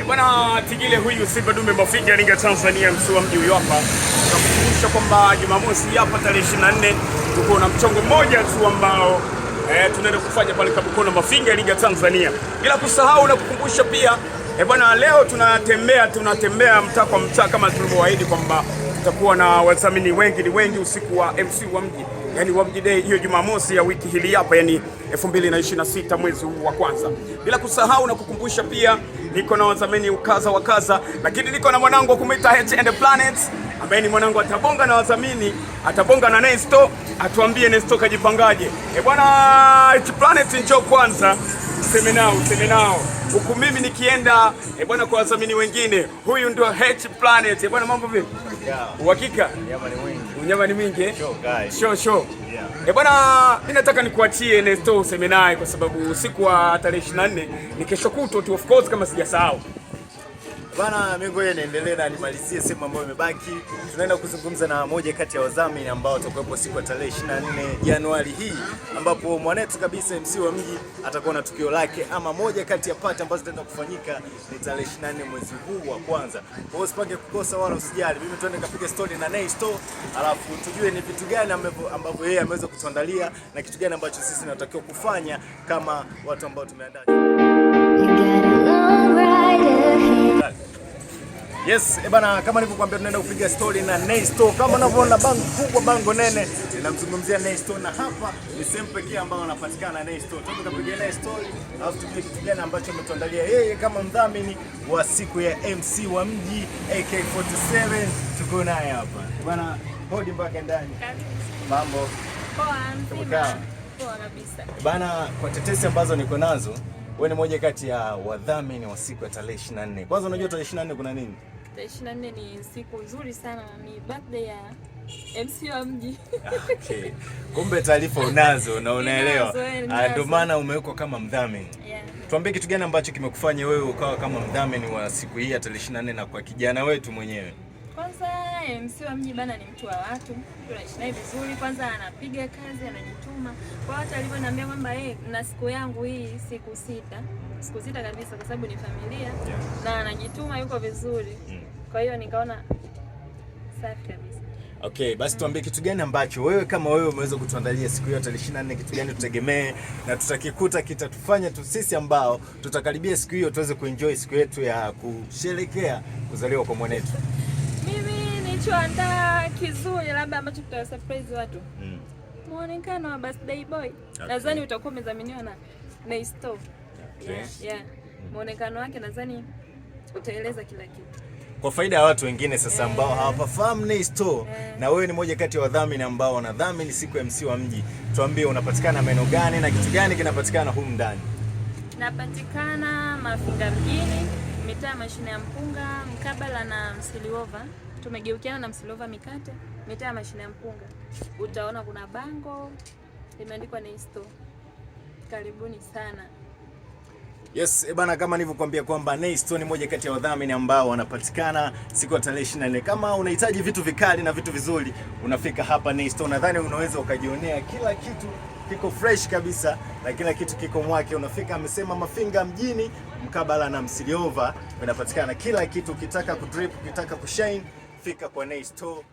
E bwana Tigile huyu Simba Dume Mafinga Ninga Tanzania msua mji huyu hapa. Tunakukumbusha kwamba Jumamosi hapa tarehe 24 tuko na mchongo mmoja tu ambao eh, tunaenda kufanya pale Kabukona Mafinga Ninga Tanzania. Bila kusahau na kukumbusha pia e bwana leo tunatembea tunatembea mtaa kwa mtaa kama tulivyowaahidi kwamba tutakuwa na wadhamini wengi ni wengi usiku wa MC wa mji. Yaani wa mji day hiyo Jumamosi ya wiki hili hapa yani 2026 mwezi wa kwanza. Bila kusahau na kukumbusha pia niko na wadhamini ukaza wa kaza, lakini niko na mwanangu wa kumita H and Planets ambaye ni mwanangu atabonga na wadhamini, atabonga na Nesto, atuambie Nesto kajipangaje. E bwana H Planet, njoo kwanza useme nao, useme nao huku mimi nikienda e bwana, kwa wadhamini wengine. Huyu ndio H Planet e bwana, mambo vipi? Uhakika unyama ni mwingi eh? Show show e bwana, mimi nataka nikuachie Nesto useme naye, kwa sababu siku wa tarehe 24 ni kesho kutwa tu, of course kama sijasahau. Bana, mimi ngoja niendelee na nimalizie sehemu ambayo imebaki. Tunaenda kuzungumza na moja kati ya wadhamini ambao watakuwepo siku ya tarehe 24 Januari hii, ambapo mwanetu kabisa MC wa mji atakuwa na tukio lake, ama moja kati ya pati ambazo zitaenda kufanyika ni tarehe 24 mwezi huu wa kwanza. Kwa hiyo usipange kukosa wala usijali, mimi tuende kapige story na Nay Store, alafu tujue ni vitu gani ambavyo yeye ameweza kutuandalia na kitu gani ambacho sisi tunatakiwa kufanya kama watu ambao tumeandaa. Yes, ebana eh, kama nilivyokuambia tunaenda kupiga story na Nesto. Kama unavyoona bango kubwa, bango nene ninamzungumzia Nesto na hapa ni sehemu pekee ambayo anapatikana Nesto. Tuko kupiga naye story, alafu tujue kitu gani ambacho ametuandalia yeye kama mdhamini wa siku ya MC wa mji AK47. Tuko naye hapa. Bana, hodi mpaka ndani. Mambo. Poa. Poa kabisa. Bana, kwa tetesi ambazo niko nazo, wewe ni moja kati ya wadhamini wa siku ya tarehe 24. Kwanza unajua tarehe 24 kuna nini? tarehe 24 ni siku nzuri sana, ni birthday ya MC wa mji. Okay. Kumbe taarifa unazo na unaelewa, eh, ah, ndio maana umewekwa kama mdhamini yeah. Tuambie kitu gani ambacho kimekufanya wewe ukawa kama mdhamini wa siku hii ya tarehe 24 na kwa kijana wetu mwenyewe? Kwanza MC wa mji bana, ni mtu wa watu, naye vizuri. Kwanza anapiga kazi, anajituma. Kwa hata alivyoniambia kwamba eh, na siku yangu hii siku sita, siku sita kabisa, kwa sababu ni familia yeah. na anajituma, yuko vizuri mm kwa hiyo nikaona safi kabisa. Okay, basi tuambie kitu gani ambacho wewe kama wewe umeweza kutuandalia siku hiyo tarehe 24, kitu gani tutegemee na tutakikuta kitatufanya tu sisi ambao tutakaribia siku hiyo tuweze kuenjoy siku yetu ya kusherekea kuzaliwa kwa mwanetu. Mimi nilichoandaa kizuri labda ambacho tutawa surprise watu. Mm. Muonekano wa birthday boy. Okay. Nadhani utakuwa umedhaminiwa na na store. Okay. Yeah. yeah. Mm. Muonekano wake nadhani utaeleza kila kitu kwa faida ya watu wengine sasa ambao hawafahamu Nay Store, na wewe ni moja kati ya wadhamini ambao wanadhamini siku ya MC wa mji, tuambie unapatikana maeneo gani na kitu gani kinapatikana humu ndani? Napatikana Mafinga mjini, mitaa ya mashine ya mpunga mkabala na Msiliova. Tumegeukiana na Msiliova mikate, mitaa ya mashine ya mpunga. Utaona kuna bango limeandikwa Nay Store. Karibuni sana. Yes, eh, bana kama nilivyokuambia kwamba Neystone ni moja kati ya wadhamini ambao wanapatikana siku ya tarehe 24. Kama unahitaji vitu vikali na vitu vizuri, unafika hapa Neystone. Nadhani unaweza ukajionea kila kitu kiko fresh kabisa na kila kitu kiko mwake. Unafika amesema Mafinga mjini mkabala na Msiliova, unapatikana kila kitu. Ukitaka kudrip, ukitaka kushine, fika kwa Neystone.